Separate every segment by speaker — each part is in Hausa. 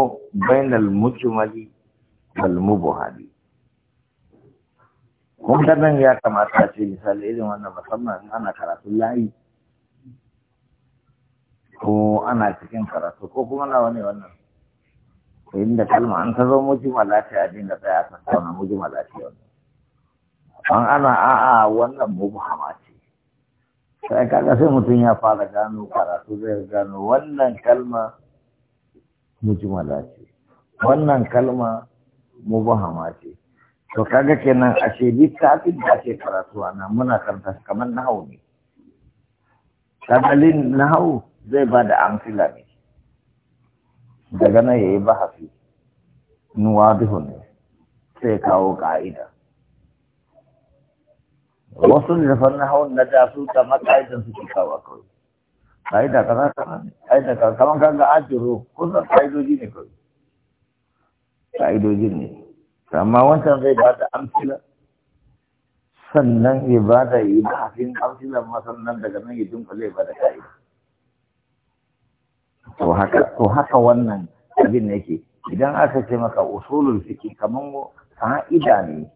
Speaker 1: farko al mujmali wal mubhali kun da nan ya kamata a ce misali irin wannan musamman in ana karatu layi ko ana cikin karatu ko kuma na wani wannan ko inda kalma an ta zo mujmala ce a dinga tsaya a tattauna mujmala ce wannan an ana a'a wannan mubhama ce sai kaga sai mutum ya fara gano karatu zai gano wannan kalma mujmala ce wannan kalma mubahama ce to kaga kenan ashe littafin da ake karatu ana muna karanta kamar nahawu ne kagalin nahawu zai ba da amsila ne daga nan yayi bahasi nuwadihu ne sai kawo ka'ida
Speaker 2: wasu littafan
Speaker 1: nahawun na da su ta maka'idan su kawo kawai ai da kaza kaza ai da kaza kaman ajiro kusan ka'idoji ne kawai ka'idoji ne amma wancan zai ba da amsila sannan ya ba da yi ba fin amsilan daga nan ya zai ba da ka'ida to haka to haka wannan abin yake idan aka ce maka usulul fiqh kaman ka'ida ne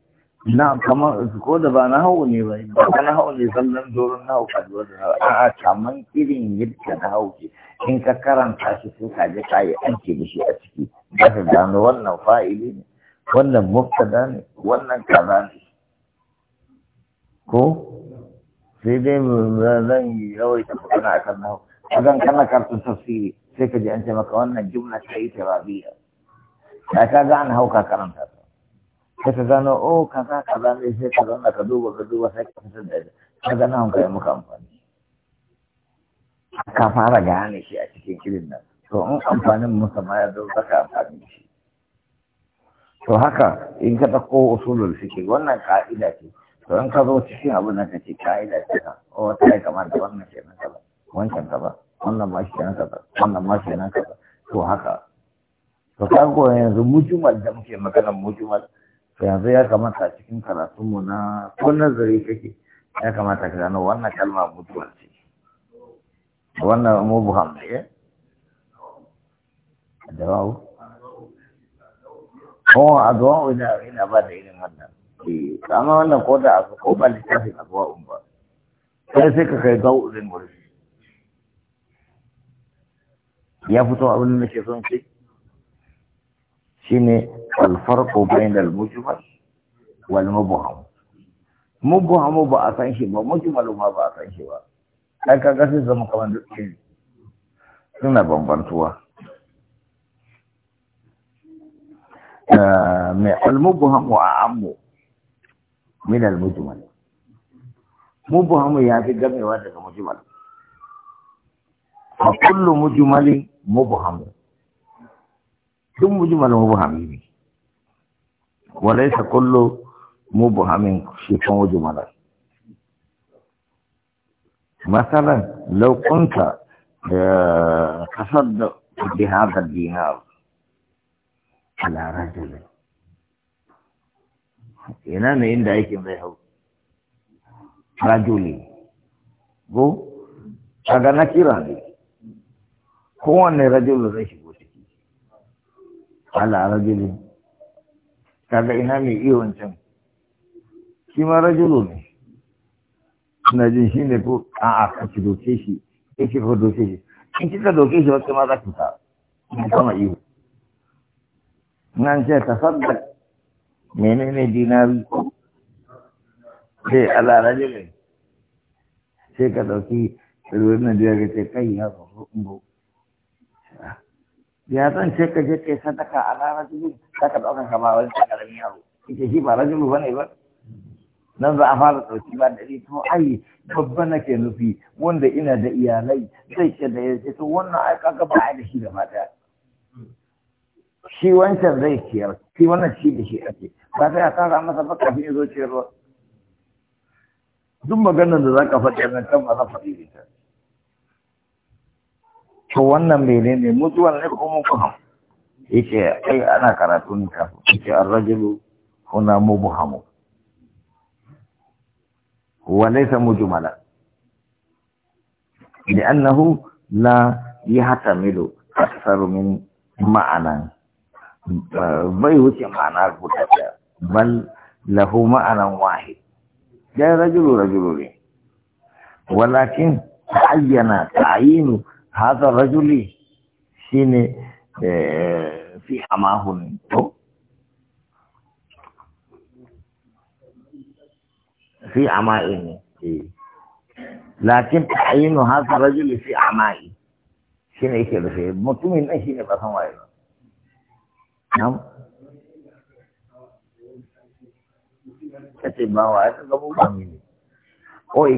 Speaker 1: na kama ko da ba na hau ne ba ba na hau ne sannan doron na hau kaduwa da na a a kaman irin yadda na hau ke in ka karanta shi sai ka ji ka yi aiki da shi a ciki ba ka gano wannan fa'ili ne wannan muftada ne wannan kaza ne ko sai dai zan yi yawaita magana a kan a Zan kana karfin tafsiri sai ka ji an ce maka wannan jumla ta yi tarabiya ta ka ga an ka karanta sai ta zano o oh, kaza kaza ne sai ka zauna ka duba ka duba sai ka fitar da ka ga hanka ya muka amfani ka fara gane shi a cikin kirin nan to in amfanin musa ma ya zo zaka amfani shi to haka in ka ɗauko usulul fiqh wannan ka'ida ce to in ka zo cikin abin nan ka ce ka'ida ce ka o oh, wata ya da wannan ce nan kaza wancan kaba wannan ma shi nan kaza wannan ma shi nan kaza to haka to kago yanzu mujumal da muke maganar mujumal yanzu ya kamata a cikin karatunmu na ko nazari kake ya kamata ka gano wannan kalma mutuwar ce wannan mubu buham ya eh? da babu ko a zuwa ina ina ba da irin wannan eh amma wannan ko da azu ko ba littafin zuwa un ba sai sai ka kai gawo din ya fito abin da nake son ce shine alfarqu bainal mujmal wal mubham mubham ba a san shi ba mujmal ma ba a san shi ba dan kaga sai zama kamar duk suna bambantuwa eh, me al-mubham wa ammu min al-mujmal mubham ya fi gamewa daga mujmal fa kullu mujmalin mubham duk mujmal mubhami ne walaysa kullu mubhamin shi kan mujmal مثلا لو كنت تصدق بهذا الدينار على رجل ina ne inda aikin zai hau rajuli go kaga na kira ne kowanne rajulu zai shiga ala rajulin kaga ina mai iya wancan shi ma rajulu ne suna jin shi ne ko a'a a ki doke shi ya ce ka doke shi in kika doke shi wata ma za ki sa in kama iyo nan ce ta saddaq menene dinari sai ala rajulin sai ka dauki ruwan da ya ce kai ya zo ya zan ce ka je kai sadaka a lara jini za ka ɗaukar kama ba wani ƙaramin yaro ita shi ba rajulu ba ne ba nan za a fara ɗauki ba da ni to ai babba nake nufi wanda ina da iyalai zai ce da ya ce to wannan ai kaga ba a da shi da mata shi wancan zai ciyar shi wannan shi da shi ake ba za a masa ba kafin ya zo ciyarwa duk maganar da za ka faɗi nan kan ba za faɗi da ita to wannan mene ne mutuwan ne ko mubham yake ai ana karatu ne kafin yace ar-rajulu huna mubhamu huwa laysa mujmala annahu la yahtamilu أكثر min ma'ana bai wuce ma'ana guda ɗaya bal lahu ma'anan wahid dai rajulu rajulu ne walakin ta'ayyana ta'ayinu هذا الرجل شين في حماه في عمائه lakin ta'ayinu hadha rajul fi a'ma'i shine yake sai mutumin nan shine ba san waye ba nam ba wa ka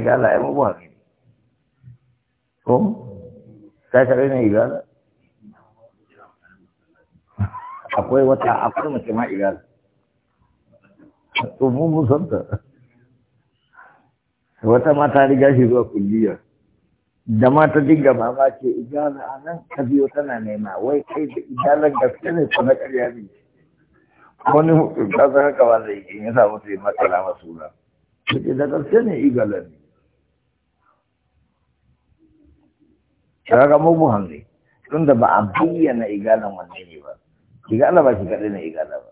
Speaker 1: ga ba ko kai kaɗai ne igala akwai wata akwai mace ma igala to mun musanta wata ma ta riga shi zuwa kulliya da ma ta dinga mamaki igala a nan ka biyo tana nema wai kai da igalan gaske ne ko na ƙarya ne wani ka san haka ba zai yi in ya mutu yi matsala masu ra. Kuke da gaske ne igala ne. kaga mubuhan ne tunda ba a bayyana igalan wanne ne ba igala ba shi kaɗai na igala ba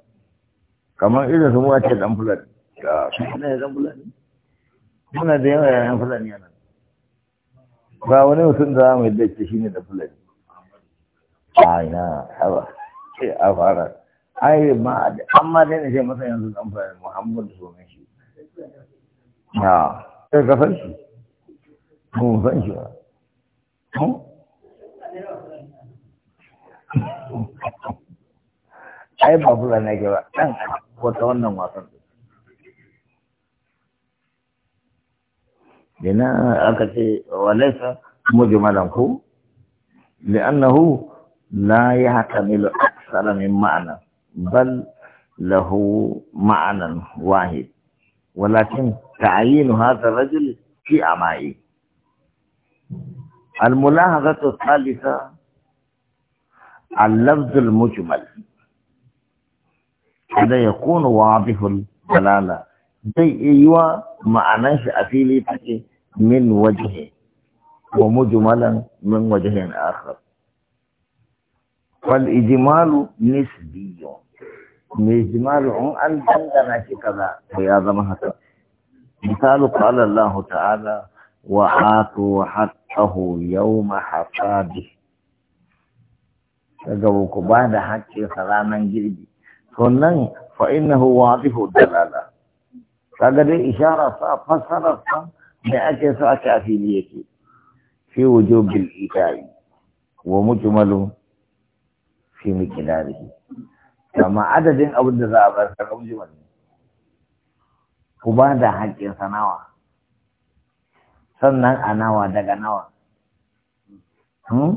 Speaker 1: kamar irin su muwa ce ɗan fulani ga su ne ɗan ne muna da yawa yayan ne yana ba wani mutum da mai dace shi ne da ne a ina haba sai a fara ai ma amma dai na ce masa yanzu ɗan fulani muhammadu sunan shi ha sai ka san shi mun san shi ba ai ba fulani أنا ba ɗan ko ta وليس مجملا هو لأنه لا يحتمل أكثر من معنى بل له معنى واحد ولكن تعيين هذا الرجل في أمائي الملاحظة الثالثة اللفظ المجمل هذا يكون واضح الدلالة زي ايوه معناه أفيلي من وجه ومجملا من وجه آخر فالإجمال نسبي الإجمال عن أن كذا ويا هذا مثال قال الله تعالى وحاكوا حتى haqqahu yawma hasabi daga ku ba da haƙƙin ranar girbi to nan fa innahu wadihu dalala kaga dai isharar sa fassarar sa da ake so ake a fili yake fi wujubil ikai wa mujmalu fi miqdarihi kama adadin abin da za a bar ka mujmal ku ba da haƙƙin sanawa sannan a nawa daga nawa hmm?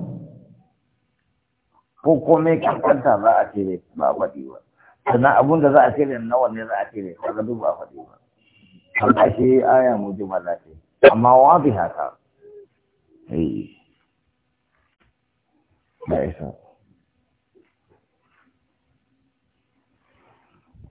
Speaker 1: ko komai kankanta za a cire ba faɗi ba sannan abun da za a cire nawa ne za a cire ga duk ba faɗi ba amma shi aya mu jumala lafi. amma wa bi haka eh da isa